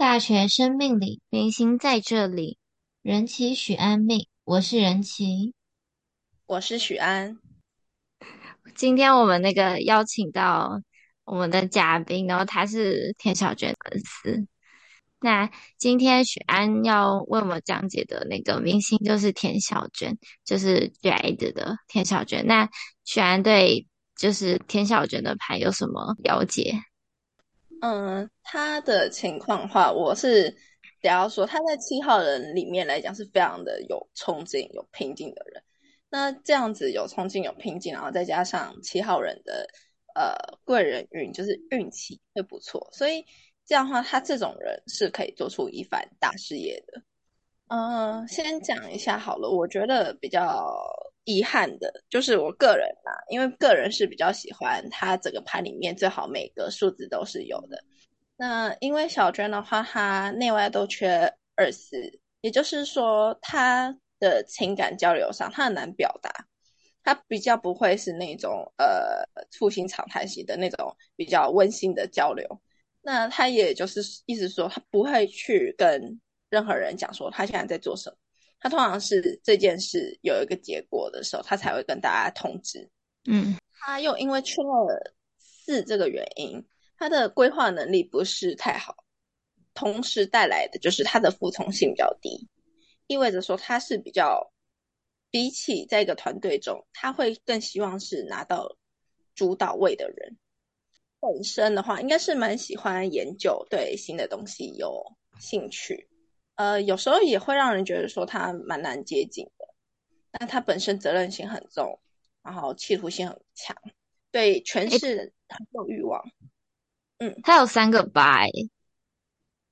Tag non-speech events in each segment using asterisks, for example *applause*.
大學生命裡，明星在這裡。任奇、許安命，我是任奇，我是許安。今天我們那個邀請到我們的嘉賓，然後他是田小娟粉絲。那今天許安要為我們講解的那個明星就是田小娟，就是 j a d 的田小娟。那許安對就是田小娟的牌有什麼了解？嗯，他的情況的話，我是得要說，他在七號人裡面來講是非常的有衝勁、有拼勁的人。那這樣子有衝勁、有拼勁，然後再加上七號人的呃貴人運，就是運氣會不錯，所以這樣的話，他這種人是可以做出一番大事業的。嗯，先講一下好了，我覺得比較。遺憾的就是我個人嘛，因為個人是比較喜歡他整個盤裡面最好每個數字都是有的。那因為小娟的話，她內外都缺二四，也就是說，他的情感交流上，他很難表達，他比較不會是那種呃，促膝長談型的那種比較溫馨的交流。那他也就是意思說，他不會去跟任何人講說他現在在做什麼。他通常是這件事有一個結果的時候，他才會跟大家通知。嗯，他又因為缺了四這個原因，他的規劃能力不是太好，同時帶來的就是他的服從性比較低，意味着說他是比較比起在一個團隊中，他會更希望是拿到主導位的人。本身的話，應該是蠻喜歡研究，對新的東西有興趣。呃，有時候也會讓人覺得說他蠻難接近的，但他本身責任心很重，然後企圖心很強，對世界很有欲望。嗯，他有三個八、欸。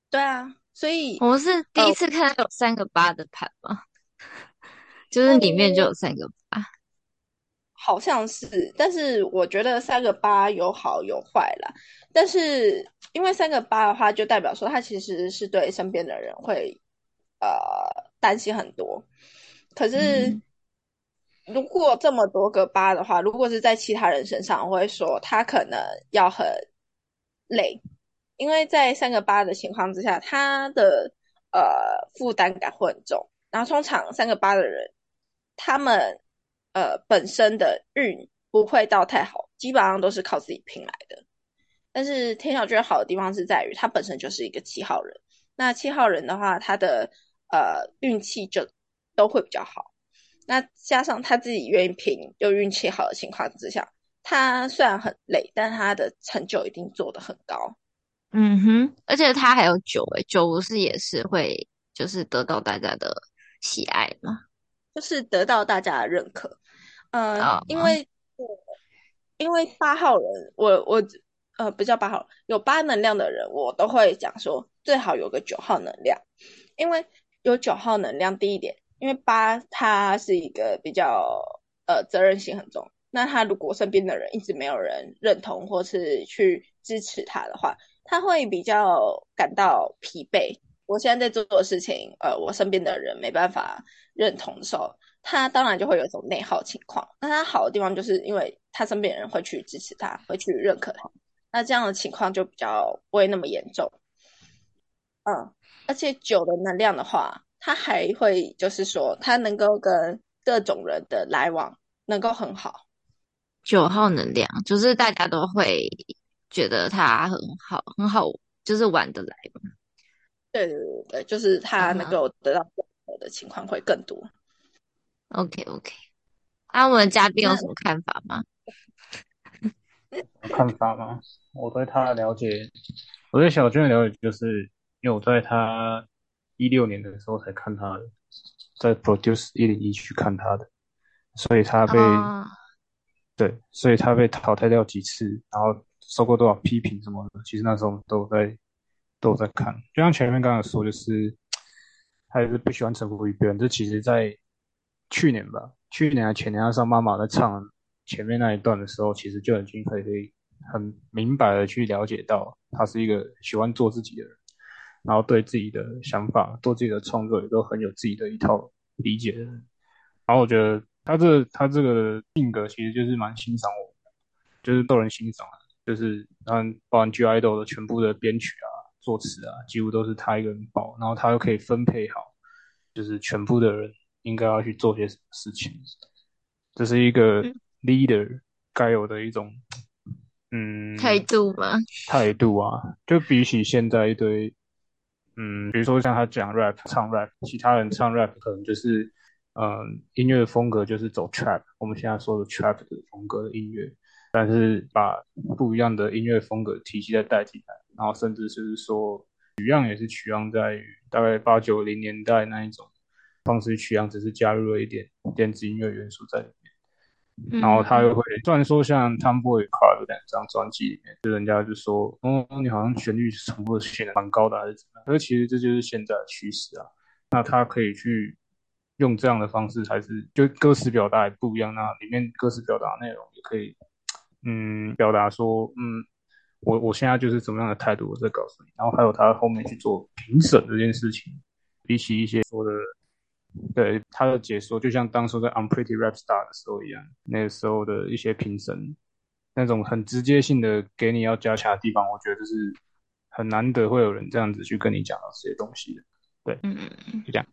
對啊，所以我們是第一次看到有三個八的盤嘛，哦、就是裡面就有三個八。好像是，但是我覺得三個八有好有壞啦。但是因為三個八的話，就代表說他其實是對身邊的人會呃擔心很多。可是如果這麼多個八的話，如果是在其他人身上，我會說他可能要很累，因為在三個八的情況之下，他的呃負擔感會很重。然後通常三個八的人，他們。呃，本身的運不會到太好，基本上都是靠自己拼來的。但是田小娟好的地方是在於，他本身就是一個七號人。那七號人的話，他的呃運氣就都會比較好。那加上他自己願意拼，又運氣好的情況之下，他雖然很累，但他的成就一定做得很高。嗯哼，而且他還有酒誒、欸，酒不是也是會就是得到大家的喜愛嗎？就是得到大家的認可，嗯、呃 uh huh.，因為因為八號人，我我呃，不叫八號，有八能量的人，我都會講說，最好有個九號能量，因為有九號能量低一點，因為八他是一個比較呃責任心很重，那他如果身邊的人一直沒有人認同或是去支持他的話，他會比較感到疲憊。我現在在做的事情，呃，我身邊的人沒辦法認同的時候，他當然就會有一種內耗情況。那他好的地方就是因為他身邊的人會去支持他，會去認可他，那這樣的情況就比較不會那麼嚴重。嗯，而且九的能量的話，他還會就是說他能夠跟各種人的來往能夠很好。九號能量就是大家都會覺得他很好，很好，就是玩得來嘛對對對對，就是他能夠我得到認可的情況會更多。OK OK，啊，我們嘉賓有什麼看法嗎？嗯、 *laughs* 有看法嗎？我對他的了解，我對小娟的了解，就是因為我在他一六年的時候才看他的，在 Produce 一零一去看他的，所以他被、哦、對，所以他被淘汰掉幾次，然後受過多少批評什麼的，其實那時候我們都在。都在看，就像前面剛剛說，就是他是不喜歡臣服於別人。這其實，在去年吧，去年還、啊、前年、啊，他上媽媽在唱前面那一段的時候，其實就已經可以，可以很明白的去了解到，他是一個喜歡做自己的人，然後對自己的想法、做自己的創作也都很有自己的一套理解的人。然後我覺得他這個、他這個性格，其實就是蠻欣賞，我就是逗人欣賞，就是讓《寶兒劇愛豆》的全部的編曲啊。作詞啊，幾乎都是他一個人包，然後他又可以分配好，就是全部的人應該要去做些什麼事情，這是一個 leader 該、嗯、有的一種，嗯，態度嘛，態度啊，就比起現在一堆，嗯，比如說像他講 rap 唱 rap，其他人唱 rap 可能就是，嗯，音樂的風格就是走 trap，我們現在說的 trap 的風格的音樂。但是把不一樣的音樂風格體系再代替它，然後甚至就是說取樣也是取樣在大概八九零年代那一種方式取樣，只是加入了一點電子音樂元素在裡面。然後他又會，嗯、雖然說像 Tomboy Car 的兩張專輯裡面，就人家就說，哦，你好像旋律重複性蠻高的，還是怎麼樣？而其實這就是現在的趨勢啊。那它可以去用這樣的方式，還是就歌詞表達不一樣，那裡面歌詞表達內容也可以。嗯，表達說，嗯，我我現在就是怎麼樣的態度，我再告訴你。然後還有他後面去做評審這件事情，比起一些說的，對，他的解說，就像當初在《Unpretty Rapstar》的時候一樣，那時候的一些評審，那種很直接性的給你要加強的地方，我覺得就是很難得會有人這樣子去跟你講到這些東西的。對，嗯，就這樣。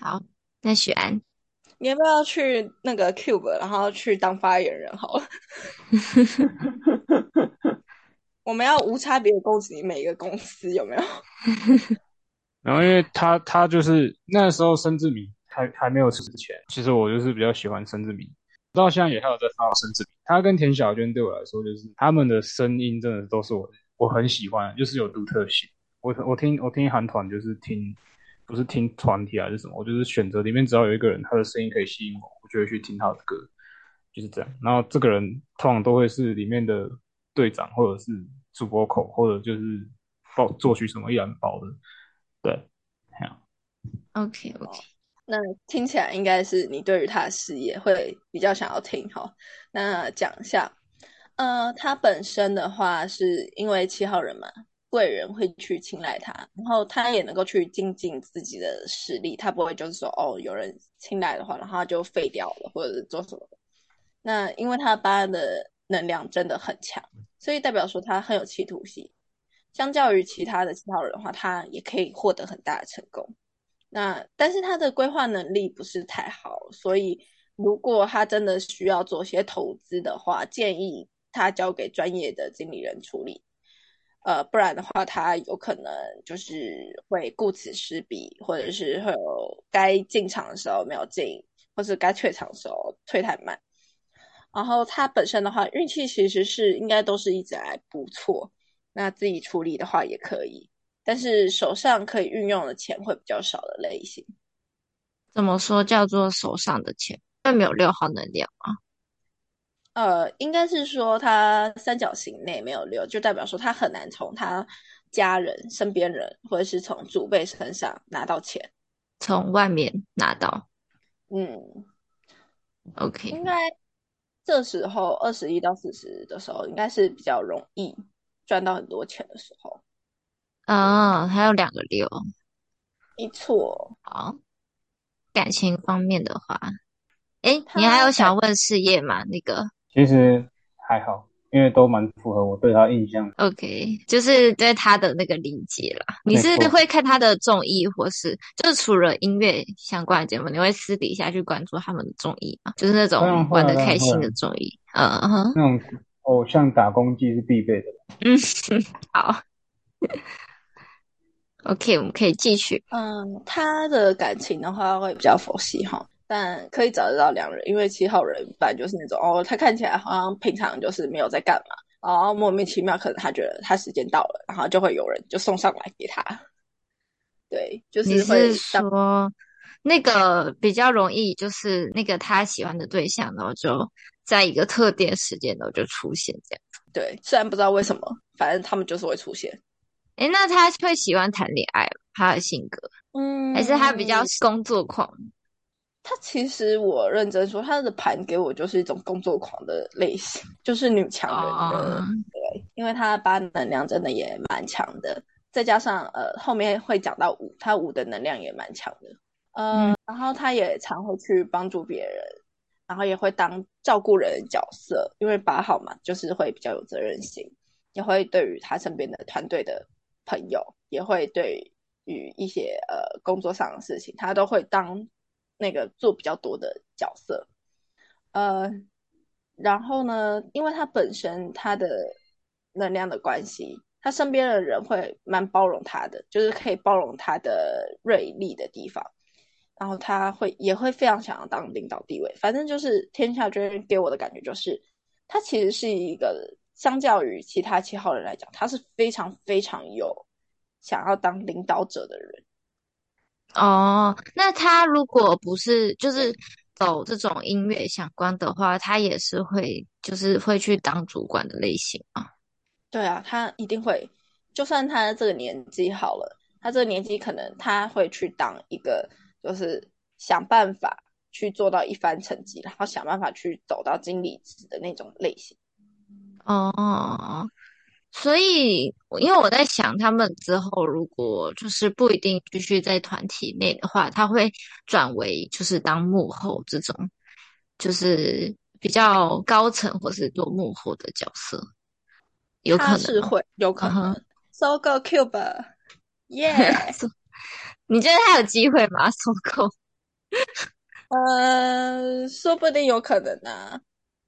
好，那煦銨。你要不要去那個 Cube，然後去當發言人好了？ *laughs* *laughs* *laughs* 我們要無差別的攻擊每一個公司，有沒有？ *laughs* 然後，因為他他就是那時候申智敏還還沒有出圈之前，其實我就是比較喜歡申智敏。到現在也還有在發申智敏，他跟田小娟對我來說，就是他們的聲音真的都是我的我很喜歡，就是有獨特性。我我聽我聽韓團就是聽。不是聽團體還是什麼，我就是選擇裡面只要有一個人，他的聲音可以吸引我，我就會去聽他的歌，就是這樣。然後這個人通常都會是裡面的隊長，或者是主 vocal，或者就是報，作曲什麼一攬包的，對，okay, okay. 好。OK，OK，那聽起來應該是你對於他的事業會比較想要聽哈。那講一下，呃，他本身的話是因為七號人嘛。貴人會去青睞他，然後他也能夠去精進自己的實力。他不會就是說哦，有人青睞的話，然後就廢掉了或者是做什麼的。那因為他八的能量真的很強，所以代表說他很有企圖心。相較於其他的其他人的話，他也可以獲得很大的成功。那但是他的規劃能力不是太好，所以如果他真的需要做些投資的話，建議他交給專業的經理人處理。呃，不然的話，他有可能就是會顧此失彼，或者是會有該進場的時候沒有進，或者該退場的時候退太慢。然後他本身的話，運氣其實是應該都是一直還不錯。那自己處理的話也可以，但是手上可以運用的錢會比較少的類型。怎麼說叫做手上的錢？因為沒有六號能量啊。呃，應該是說他三角形內沒有六，就代表說他很難從他家人身邊人，或者是從祖輩身上拿到錢，從外面拿到。嗯，OK，應該這時候二十一到四十的時候，應該是比較容易賺到很多錢的時候。啊、哦，還有兩個六，沒錯。好，感情方面的話，哎、欸，他你還有想問事業嗎？那個。其實還好，因為都蠻符合我對他印象的。OK，就是對他的那個理解啦。你是會看他的綜藝，或是錯就是除了音樂相關的節目，你會私底下去關注他們的綜藝嗎？就是那種玩得開心的綜藝，嗯嗯。嗯，uh huh、那種偶像打工記是必備的。嗯，好。OK，我們可以繼續。嗯，他的感情的話會比較佛系哈。但可以找得到兩人，因為七號人反正就是那種哦，他看起來好像平常就是沒有在幹嘛，然後，莫名其妙，可能他覺得他時間到了，然後就會有人就送上來給他。對，就是只是說那個比較容易，就是那個他喜歡的對象，然後就在一個特定時間，然後就出現這樣。對，雖然不知道為什麼，反正他們就是會出現。哎，那他會喜歡談戀愛，他的性格，嗯，還是他比較工作狂，他其實，我認真說，他的盤給我就是一種工作狂的類型，就是女強人的。Oh. 對，因為他的八能量真的也蠻強的，再加上呃後面會講到五，他五的能量也蠻強的。嗯、呃，mm. 然後他也常會去幫助別人，然後也會當照顧人的角色，因為八號嘛，就是會比較有責任心，也會對於他身邊的團隊的朋友，也會對於一些呃工作上的事情，他都會當。那個做比較多的角色，呃，然後呢，因為他本身他的能量的關係，他身邊的人會蠻包容他的，就是可以包容他的銳利的地方，然後他會也會非常想要當領導地位。反正就是田小娟給我的感覺就是，他其實是一個相較於其他七號人來講，他是非常非常有想要當領導者的人。哦，oh, 那他如果不是就是走這種音樂相關的話，他也是會就是會去當主管的類型嗎？對啊，他一定會。就算他這個年紀好了，他這個年紀可能他會去當一個，就是想辦法去做到一番成績，然後想辦法去走到經理職的那種類型。哦。Oh. 所以，因為我在想，他們之後如果就是不一定繼續在團體內的話，他會轉為就是當幕後這種，就是比較高層或是做幕後的角色，有可能是會有可能。收購 cube, yes 你覺得他有機會嗎？收購？呃，說不定有可能呢、啊，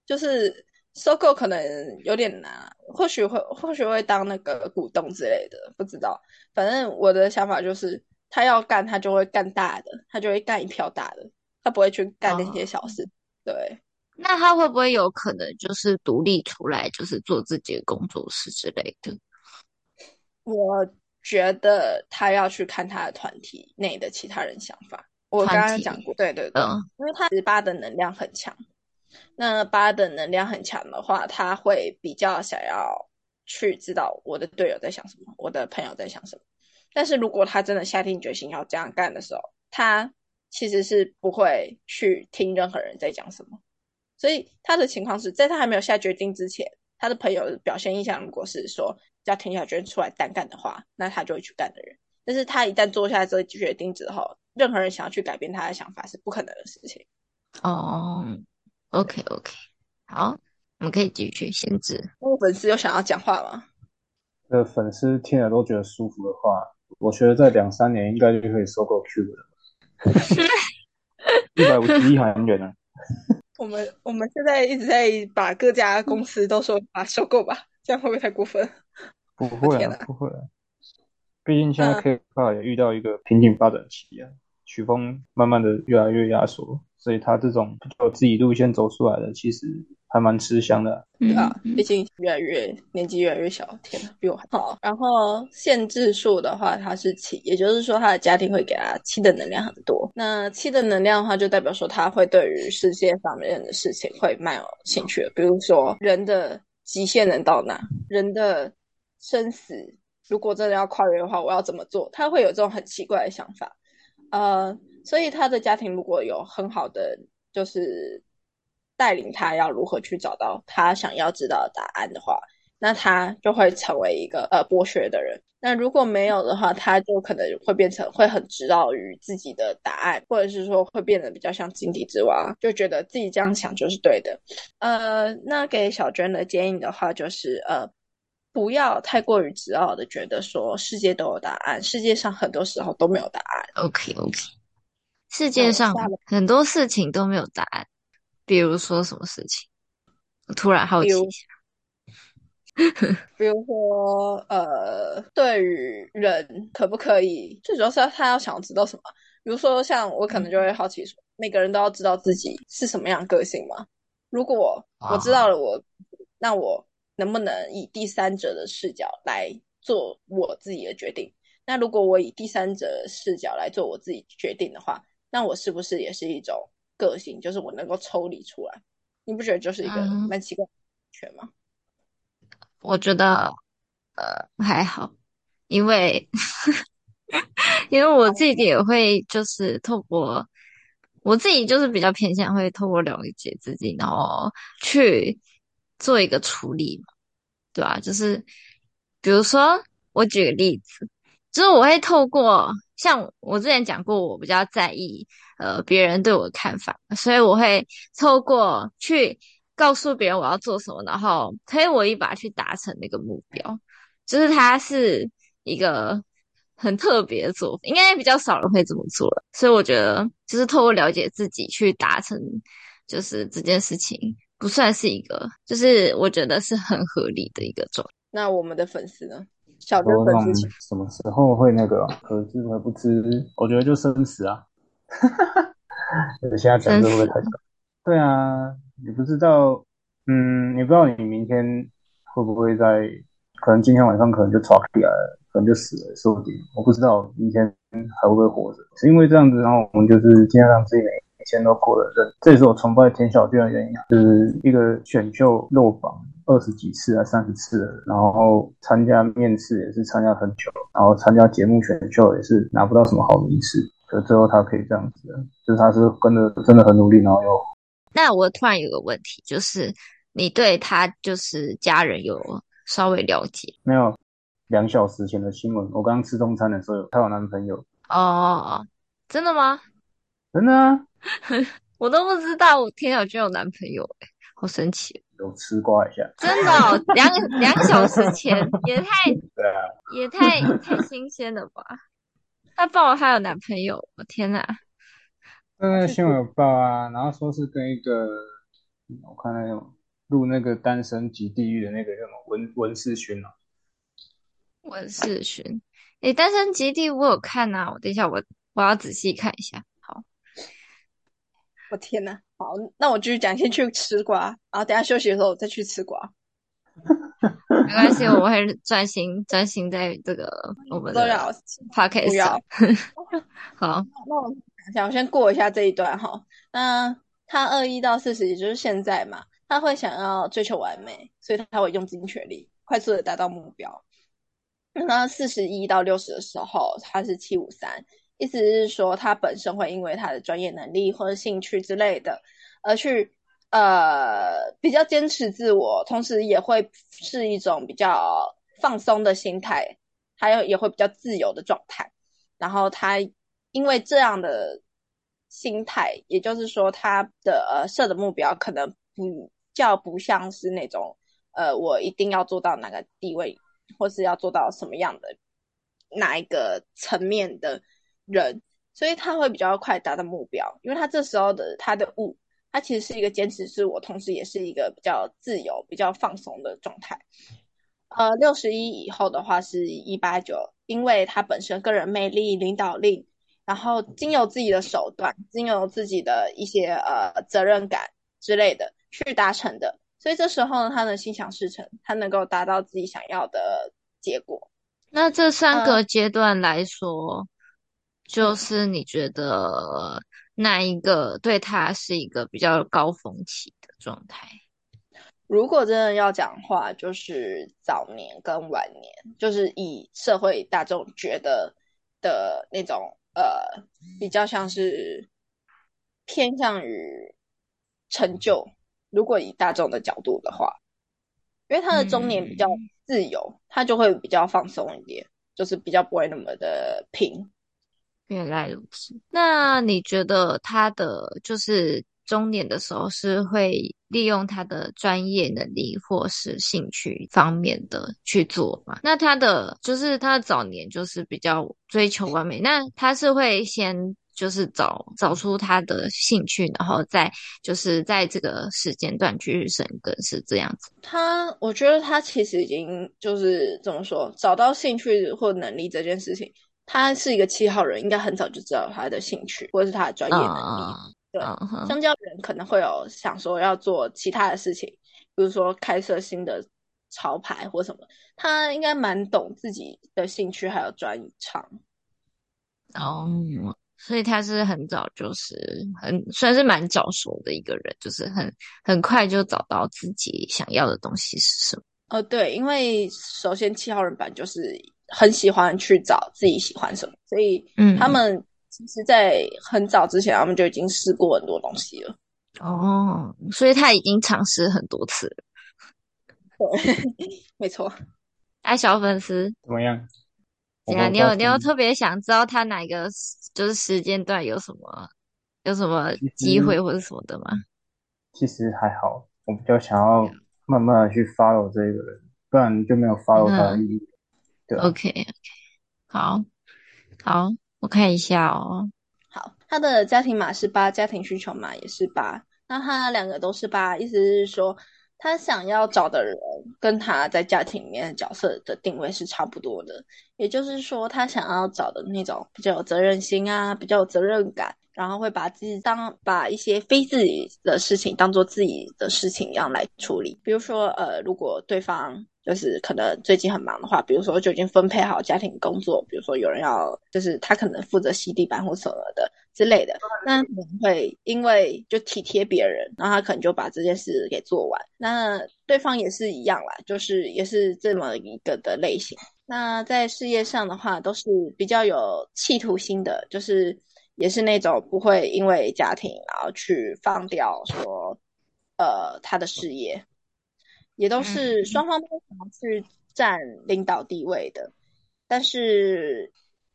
就是。收購可能有點難，或許會，或許會當那個股東之類的，不知道。反正我的想法就是，他要幹，他就會幹大的，他就會幹一票大的，他不會去幹那些小事。哦、對，那他會不會有可能就是獨立出來，就是做自己的工作室之類的？我覺得他要去看他的團體內的其他人想法。我剛剛講過，團體，對對對，嗯、因為他十八的能量很強。那八的能量很強的話，他會比較想要去知道我的隊友在想什麼，我的朋友在想什麼。但是如果他真的下定決心要這樣幹的時候，他其實是不會去聽任何人在講什麼。所以他的情況是在他還沒有下決定之前，他的朋友的表現印象如果是說叫田小娟出來單幹的話，那他就會去幹的人。但是他一旦做下這決定之後，任何人想要去改變他的想法是不可能的事情。哦。Oh. OK OK，好，我們可以繼續。限制，我、哦、粉絲有想要講話嗎？的、呃、粉絲聽了都覺得舒服的話，我覺得在兩三年應該就可以收購 Cube 了。一百五十一好像很遠呢？ *laughs* 我們我們現在一直在把各家公司都說、嗯、把收購吧，這樣會不會太過分？不會啊， *laughs* 哪不會啊。畢竟現在 K-pop 也遇到一個瓶頸發展期啊，uh, 曲風慢慢的越來越壓縮。所以他這種就自己路線走出來的，其實還蠻吃香的啊，嗯。對啊，畢竟越來越年紀越來越小，天哪，比我還好。然後限制數的話，他是七，也就是說他的家庭會給他七的能量很多。那七的能量的話，就代表說他會對於世界上面的事情會蠻有興趣的，比如說人的極限能到哪，人的生死，如果真的要跨越的話，我要怎麼做？他會有這種很奇怪的想法，呃。所以他的家庭如果有很好的，就是帶領他要如何去找到他想要知道的答案的話，那他就會成為一個呃博學的人。那如果沒有的話，他就可能會變成會很執拗於自己的答案，或者是說會變得比較像井底之蛙，就覺得自己這樣想就是對的。呃，那給小娟的建議的話就是呃不要太過於執拗的覺得說世界都有答案，世界上很多時候都沒有答案。OK OK。世界上很多事情都沒有答案，比如說什麼事情？突然好奇。比如說呃，對於人可不可以？最主要是他要想要知道什麼？比如說像我可能就會好奇說，每個人都要知道自己是什麼樣個性嗎？如果我知道了我，哦。那我能不能以第三者的視角來做我自己的決定？那如果我以第三者的視角來做我自己決定的話？那我是不是也是一種個性？就是我能夠抽離出來，你不覺得就是一個蠻奇怪的感覺嗎、嗯？我覺得呃還好，因為呵呵因為我自己也會就是透過唉我自己就是比較偏向會透過了解自己，然後去做一個處理嘛，對吧、啊？就是比如說我舉個例子，就是我會透過。像我之前講過，我比較在意呃別人對我的看法，所以我會透過去告訴別人我要做什麼，然後推我一把去達成那個目標。就是它是一個很特別的做法，應該比較少人會這麼做了。所以我覺得就是透過了解自己去達成，就是這件事情不算是一個，就是我覺得是很合理的一個做法。那我們的粉絲呢？小時候那種，什麼時候會那個、啊、可是我也不知，我覺得就生死啊。你 *laughs* *laughs* 死現在講這個會不會太早？對啊，你不知道，嗯，你不知道你明天會不會在，可能今天晚上可能就吵起來了，可能就死了，說不定我不知道明天還會不會活着。是因為這樣子，然後我們就是盡量讓自己。前都過了，這這也是我崇拜田小娟的原因，就是一個選秀落榜二十幾次啊，三十次，然後參加面試也是參加很久，然後參加節目選秀也是拿不到什麼好名次，所以最後他可以這樣子的，就是他是跟着真的很努力，然後又。那我突然有個問題，就是你對他就是家人有稍微了解沒有？兩小時前的新聞，我剛剛吃中餐的時候，他有男朋友哦？真的嗎？真的啊。 *laughs* 我都不知道，我田小娟有男朋友哎、欸，好神奇！有吃瓜一下，真的、哦、 *laughs* 兩兩小時前也太 *laughs* 也太太新鮮了吧？他爆他有男朋友，我天哪！個、呃、就新聞有報啊，然後說是跟一個我看到有錄那個《單身即地獄》的那個叫什麼文文世勳啊。文世勳，誒，單身即地我有看啊，我等一下我我要仔細看一下。我、oh, 天哪！好，那我繼續講，先去吃瓜，然後等下休息的時候我再去吃瓜。 *laughs* 沒關係，我會專心專心在這個我們的 podcast。好，那我想我先過一下這一段哈。那他二一到四十就是現在嘛，他會想要追求完美，所以他會用盡全力快速的達到目標。那四十一到六十的時候，他是七五三。意思是說，他本身會因為他的專業能力或者興趣之類的，而去呃比較堅持自我，同時也會是一種比較放鬆的心態，還有也會比較自由的狀態。然後他因為這樣的心態，也就是說，他的呃設的目標可能比較不像是那種呃我一定要做到哪個地位，或是要做到什麼樣的哪一個層面的。人，所以他會比較快達到目標，因為他這時候的他的物，他其實是一個堅持自我，同時也是一個比較自由、比較放鬆的狀態。呃，六十一以後的話是一八九，因為他本身個人魅力、領導力，然後經由自己的手段，經由自己的一些呃責任感之類的去達成的，所以這時候呢，他的心想事成，他能夠達到自己想要的結果。那這三個階段來說，呃就是你覺得那一個對他是一個比較高峰期的狀態。如果真的要講話，就是早年跟晚年，就是以社會以大眾覺得的那種，呃，比較像是偏向於成就。如果以大眾的角度的話，因為他的中年比較自由，他、嗯、就會比較放鬆一點，就是比較不會那麼的拼。原來如此。那你覺得他的就是中年的時候是會利用他的專業能力或是興趣方面的去做嗎？那他的就是他早年就是比較追求完美，那他是會先就是找找出他的興趣，然後再就是在這個時間段去生根，是這樣子？他我覺得他其實已經就是怎麼說找到興趣或能力這件事情。他是一個七號人，應該很早就知道他的興趣或是他的專業能力。哦、對香蕉、哦哦、人可能會有想說要做其他的事情，比如說開設新的潮牌或什麼。他應該蠻懂自己的興趣還有專長。哦，所以他是很早就是很算是蠻早熟的一個人，就是很很快就找到自己想要的東西是什麼。呃、哦，對，因為首先七號人版就是。很喜歡去找自己喜歡什麼，所以，嗯，他們其實，在很早之前，嗯、他們就已經試過很多東西了。哦，所以他已經嘗試很多次了，對， *laughs* 沒錯。哎、啊，小粉絲怎麼樣？我我你，你有你有特別想知道他哪一個就是時間段有什麼有什麼機會或者什麼的嗎？其、嗯？其實還好，我比較想要慢慢的去 follow 這一個人，不然就沒有 follow 他的意義。嗯對 OK OK，好好，我看一下哦。好，他的家庭碼是八，家庭需求碼也是八，那他兩個都是八，意思是說他想要找的人跟他在家庭裡面角色的定位是差不多的。也就是說，他想要找的那種比較有責任心啊，比較有責任感，然後會把自己當把一些非自己的事情當做自己的事情一樣來處理。比如說，呃，如果對方就是可能最近很忙的話，比如說就已經分配好家庭工作，比如說有人要就是他可能負責洗地板或什麼的的之類的，嗯，那可能會因為就體貼別人，然後他可能就把這件事給做完。那對方也是一樣啦，就是也是這麼一個的類型。那在事業上的話，都是比較有企圖心的，就是也是那種不會因為家庭然後去放掉說，呃，他的事業，也都是雙方都想要去佔領導地位的。但是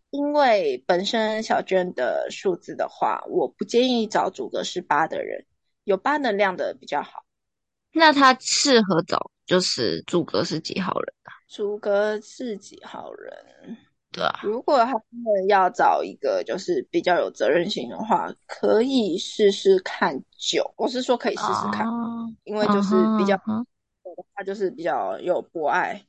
因為本身小娟的數字的話，我不建議找主格是八的人，有八能量的比較好。那他適合找就是朱哥是幾號人啊？朱哥是幾號人？對啊，如果他們要找一個就是比較有責任心的話，可以試試看九。我是說可以試試看，oh, 因為就是比較、uh、huh, 他就是比較有博愛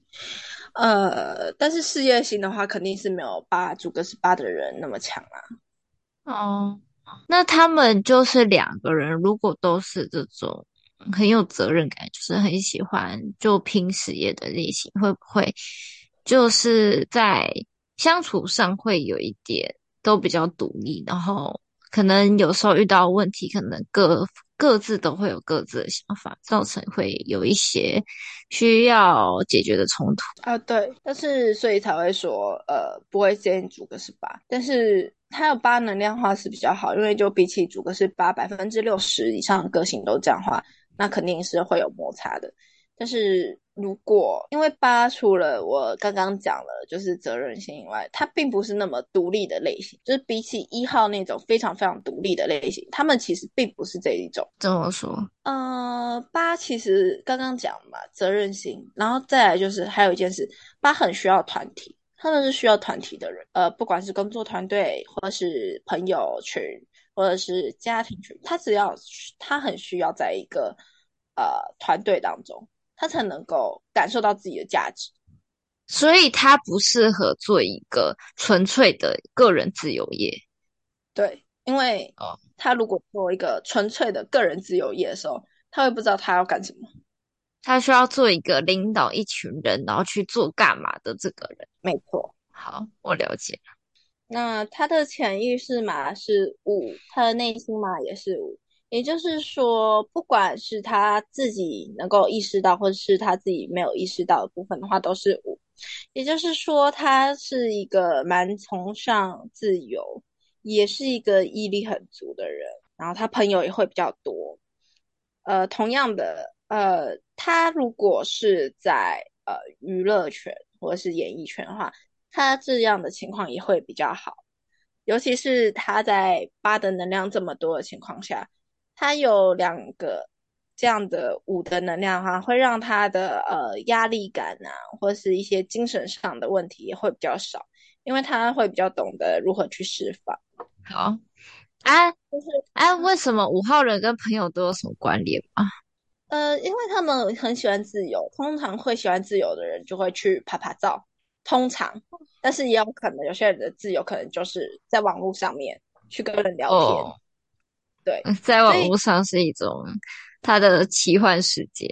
，uh huh、呃，但是事業心的話肯定是沒有八朱哥是八的人那麼強啊。哦，oh, 那他們就是兩個人，如果都是這種。很有責任感，就是很喜歡就拼事業的類型，會不會就是在相處上會有一點都比較獨立，然後可能有時候遇到問題，可能各各自都會有各自的想法，造成會有一些需要解決的衝突。啊，對，但是所以才會說，呃，不會建議主個是八，但是他有八能量化是比較好，因為就比起主個是八，百分之六十以上的個性都這樣化。那肯定是會有摩擦的，但是如果因為八除了我剛剛講了就是責任心以外，他並不是那麼獨立的類型，就是比起一號那種非常非常獨立的類型，他們其實並不是這一種。怎麼說？呃，八其實剛剛講嘛，責任心，然後再來就是還有一件事，八很需要團體，他們是需要團體的人，呃，不管是工作團隊或者是朋友群。或者是家庭，他只要，他很需要在一個呃團隊當中，他才能夠感受到自己的價值，所以他不適合做一個純粹的個人自由業。對，因為哦，他如果做一個純粹的個人自由業的時候，他會不知道他要幹什麼。他需要做一個領導一群人，然後去做幹嘛的這個人。沒錯，好，我了解。那他的潛意識嘛是五，他的內心嘛也是五，也就是說，不管是他自己能夠意識到，或者是他自己沒有意識到的部分的話，都是五。也就是說，他是一個蠻崇尚自由，也是一個毅力很足的人。然後他朋友也會比較多。呃，同樣的，呃，他如果是在呃娛樂圈或者是演藝圈的話，他這樣的情況也會比較好，尤其是他在八的能量這麼多的情況下，他有兩個這樣的五的能量哈、啊，會讓他的呃壓力感啊，或是一些精神上的問題也會比較少，因為他會比較懂得如何去釋放。好，哎、啊，就是哎、啊，為什麼五號人跟朋友都有什麼關聯啊？呃，因為他們很喜歡自由，通常會喜歡自由的人就會去拍拍照，通常。但是也有可能，有些人的自由可能就是在網絡上面去跟人聊天，oh. 對，在網絡上是一種他的奇幻世界，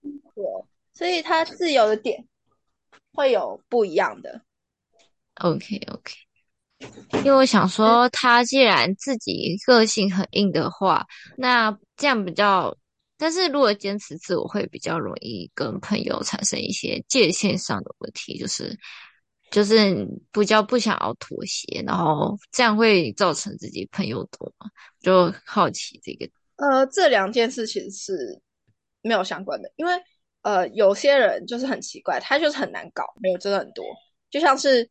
對，所以他自由的點會有不一樣的。OK，OK，okay, okay. 因為我想說，他既然自己個性很硬的話， *laughs* 那這樣比較；但是如果堅持自我，會比較容易跟朋友產生一些界限上的問題，就是。就是不叫不想要妥協，然後這樣會造成自己朋友多嘛？就好奇這個。呃，這兩件事情是沒有相關的，因為呃，有些人就是很奇怪，他就是很難搞，沒有真的很多。就像是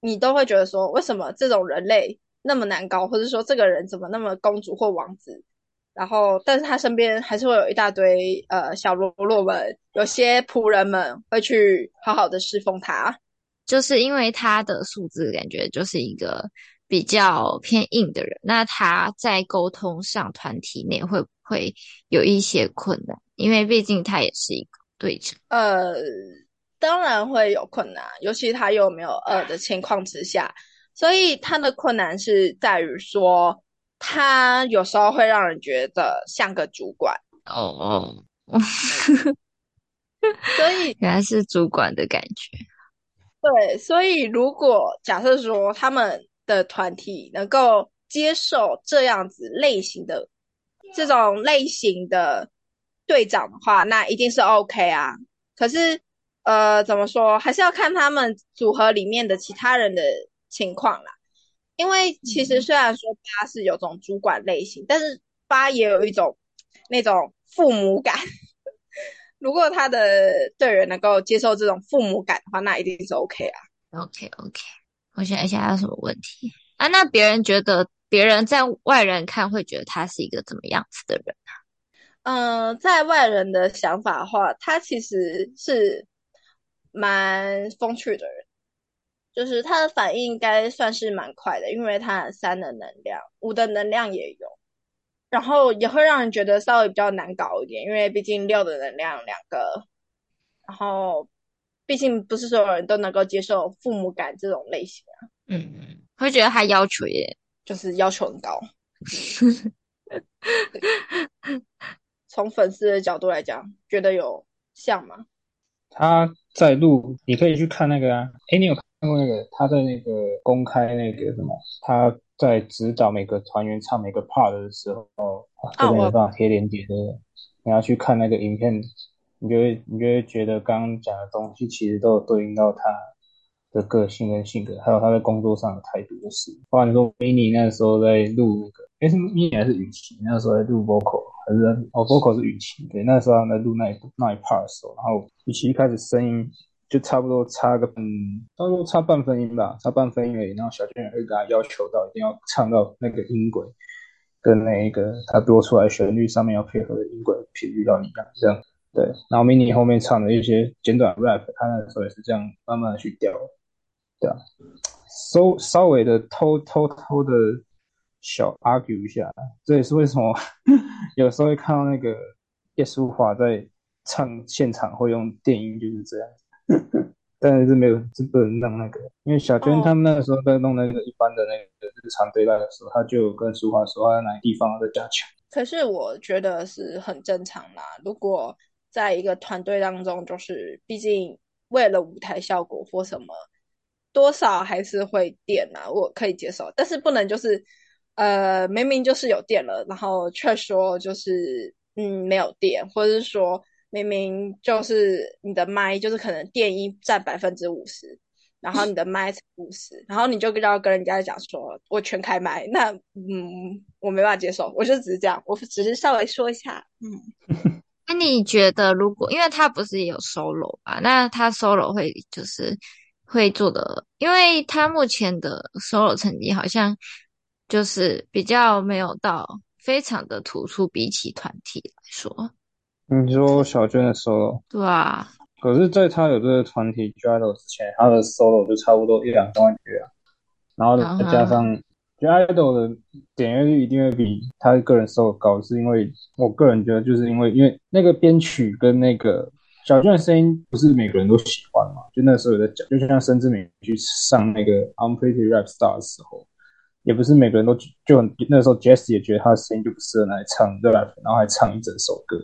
你都會覺得說，為什麼這種人類那麼難搞，或者說這個人怎麼那麼公主或王子，然後但是他身邊還是會有一大堆呃小嘍囉們，有些僕人們會去好好的侍奉他。就是因為他的數字的感覺就是一個比較偏硬的人，那他在溝通上團體內會不會有一些困難？因為畢竟他也是一個隊長。呃，當然會有困難，尤其他又沒有二、呃、的情況之下， *laughs* 所以他的困難是在於說，他有時候會讓人覺得像個主管。哦，oh. *laughs* 所以原來是主管的感覺。對，所以如果假設說他們的團體能夠接受這樣子類型的這種類型的隊長的話，那一定是 OK 啊。可是，呃，怎麼說，還是要看他們組合裡面的其他人的情況啦。因為其實雖然說八是有種主管類型，但是八也有一種那種父母感。如果他的隊員能夠接受這種父母感的話，那一定是 OK 啊。OK OK，我想一下還有什麼問題啊？那別人覺得，別人在外人看會覺得他是一個怎麼樣子的人啊？嗯、呃，在外人的想法的話，他其實是蠻風趣的人，就是他的反應應該算是蠻快的，因為他三的能量，五的能量也有。然後也會讓人覺得稍微比較難搞一點，因為畢竟六的能量兩個，然後畢竟不是所有人都能夠接受父母感這種類型啊。嗯，會覺得他要求也就是要求很高。 *laughs* *laughs* 從粉絲的角度來講，覺得有像嗎？他在錄，你可以去看那個啊。誒，你有看過那個？他在那個公開那個什麼？他。在指導每個團員唱每個 part 的時候，oh, I 這邊有辦法貼連結的。你要去看那個影片，你就會你就會覺得剛剛講的東西其實都有對應到他的個性跟性格，還有他在工作上的態度的、就、事、是。不然你說 Minnie 那時候在錄那個，誒、欸、是 Minnie 還是雨琦？那時候在錄 vocal 還是哦、oh, vocal 是雨琦？對，那時候在錄那一那一 part 的時候，然後雨琦一開始聲音。就差不多差個，差不多差半分音吧，差半分音而已。然後小娟也會跟他要求到，一定要唱到那個音軌跟那一個他多出來旋律上面要配合的音軌頻率到你。樣，這樣。對，然後 MINI 後面唱的一些簡短 rap，他那時候也是這樣慢慢的去調。對啊，稍、so, 稍微的偷偷偷,偷的小 argue 一下，這也是為什麼 *laughs* 有時候會看到那個葉舒華在唱現場會用電音，就是這樣。 *laughs* 但是沒有，是不能弄那個，因為小娟他們那個時候在弄那個一般的那個日常對待的時候，oh. 他就跟舒華說要哪個地方要再加強。可是我覺得是很正常啦，如果在一個團隊當中，就是畢竟為了舞台效果或什麼，多少還是會電啊，我可以接受。但是不能就是，呃，明明就是有電了，然後卻說就是嗯沒有電，或者是說。明明就是你的麥，就是可能電音佔百分之五十，然後你的麥五十，然後你就要跟人家講說，我全開麥，那嗯，我沒辦法接受，我就只是這樣，我只是稍微說一下，嗯。那、啊、你覺得，如果因為他不是也有 solo 吧，那他 solo 會就是會做的，因為他目前的 solo 成績好像就是比較沒有到非常的突出，比起團體來說。你說小娟的 solo 對啊，可是在他有這個團體 idol 之前，他的 solo 就差不多一兩千萬塊啊。然後再加上，g 好 idol 的點閱率一定會比他個人 solo 高，是因為我個人覺得，就是因為因為那個編曲跟那個小娟的聲音不是每個人都喜歡嘛。就那時候有在講，就像申智美去上那個《Unpretty Rap Star》的時候，也不是每個人都就那時候 Jess 也覺得他的聲音就不適合來唱 rap，然後還唱一整首歌。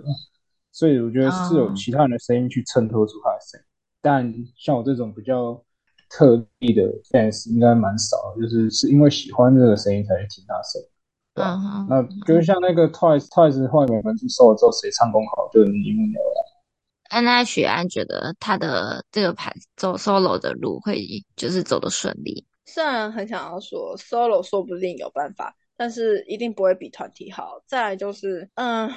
所以我覺得是有其他人的聲音去襯托出他的聲音，oh. 但像我這種比較特立的 fans 應該蠻少，就是是因為喜歡這個聲音才會聽他聲音。嗯、oh. 那就像那個 Twice、oh. Twice 後面們去 solo 之後，誰唱功好就一目了然。N I 煦銨覺得他的這個牌子走 solo 的路會就是走得順利，雖然很想要說 solo 說不定有辦法，但是一定不會比團體好。再來就是嗯。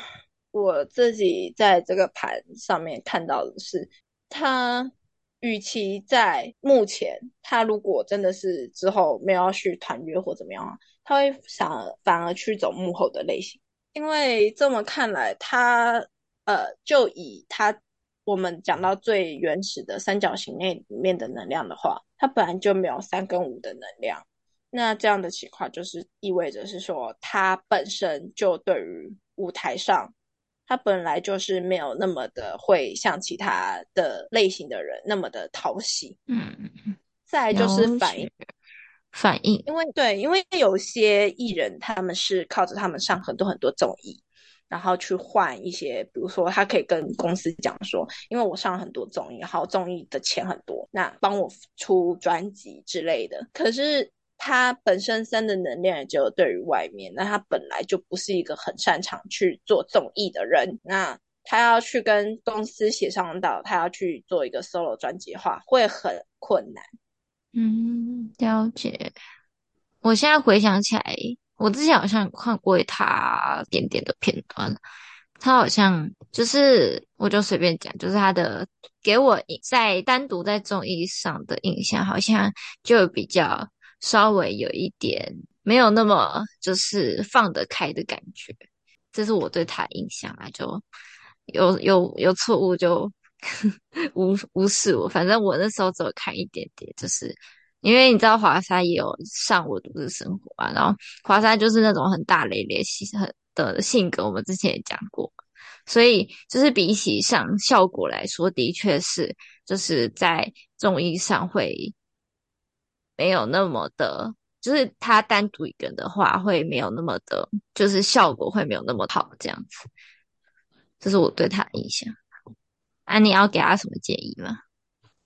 我自己在這個盤上面看到的是，他與其在目前，他如果真的是之後沒有要去團約或怎麼樣啊，他會想反而去走幕後的類型，因為這麼看來，他呃就以他我們講到最原始的三角形那裡面的能量的話，他本來就沒有三跟五的能量，那這樣的情況就是意味着是說他本身就對於舞台上。他本來就是沒有那麼的會像其他的類型的人那麼的討喜，嗯，再就是反應，反應，因為對，因為有些藝人他們是靠着他們上很多很多綜藝，然後去換一些，比如說他可以跟公司講說，因為我上了很多綜藝，然後綜藝的錢很多，那幫我出專輯之類的，可是。他本身生的能量也就對於外面，那他本來就不是一個很擅長去做綜藝的人。那他要去跟公司協商到他要去做一個 solo 專輯的話，會很困難。嗯，了解。我現在回想起來，我之前好像看過他點點的片段，他好像就是，我就隨便講，就是他的給我在單獨在綜藝上的印象，好像就有比較。稍微有一點沒有那麼就是放得開的感覺，這是我對他的印象啊，就有有有錯誤就無無視我，反正我那時候只有看一點點，就是因為你知道華莎也有上我獨自生活啊，然後華莎就是那種很大咧咧性很的性格，我們之前也講過，所以就是比起上效果來說，的確是就是在綜藝上會。沒有那麼的，就是他單獨一個人的話，會沒有那麼的，就是效果會沒有那麼好，這樣子，這是我對他的印象。銨，你要給他什麼建議嗎？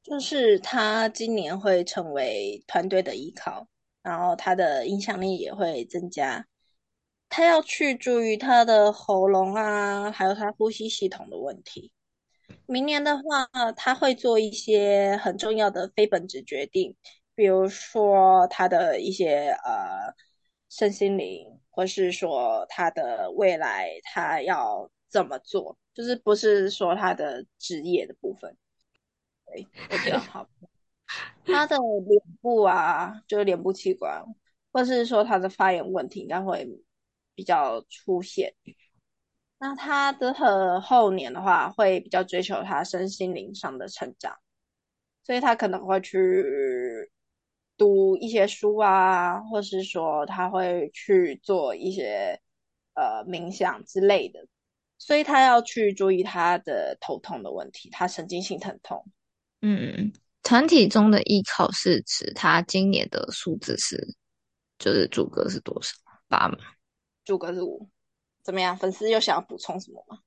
就是他今年會成為團隊的依靠，然後他的影響力也會增加。他要去注意他的喉嚨啊，還有他呼吸系統的問題。明年的話，他會做一些很重要的非本質決定。比如說他的一些呃身心靈，或是說他的未來，他要怎麼做？就是不是說他的職業的部分？對，會比較好。 *laughs* 他的臉部啊，就是臉部器官，或是說他的發炎問題，應該會比較出現。那他的後年的話，會比較追求他身心靈上的成長，所以他可能會去。讀一些書啊，或是說他會去做一些、呃、冥想之類的，所以他要去注意他的頭痛的問題，他神經性疼痛。嗯，團體中的藝考是指他今年的數字是，就是主格是多少？八嗎，主格是五。怎麼樣？粉絲又想要補充什麼嗎？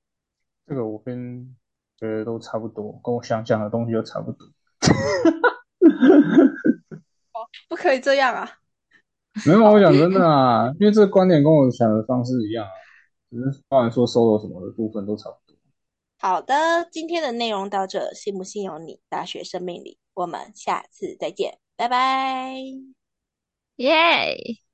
這個我跟覺得都差不多，跟我想講的東西都差不多。 *laughs* *laughs* 不可以這樣啊！沒有，我講真的啊， *laughs* 因為這個觀點跟我的想的方式一樣啊，只是當然說 solo 什麼的部分都差不多。好的，今天的內容到這，信不信由你。大學生命理，我們下次再見，拜拜，耶。Yeah.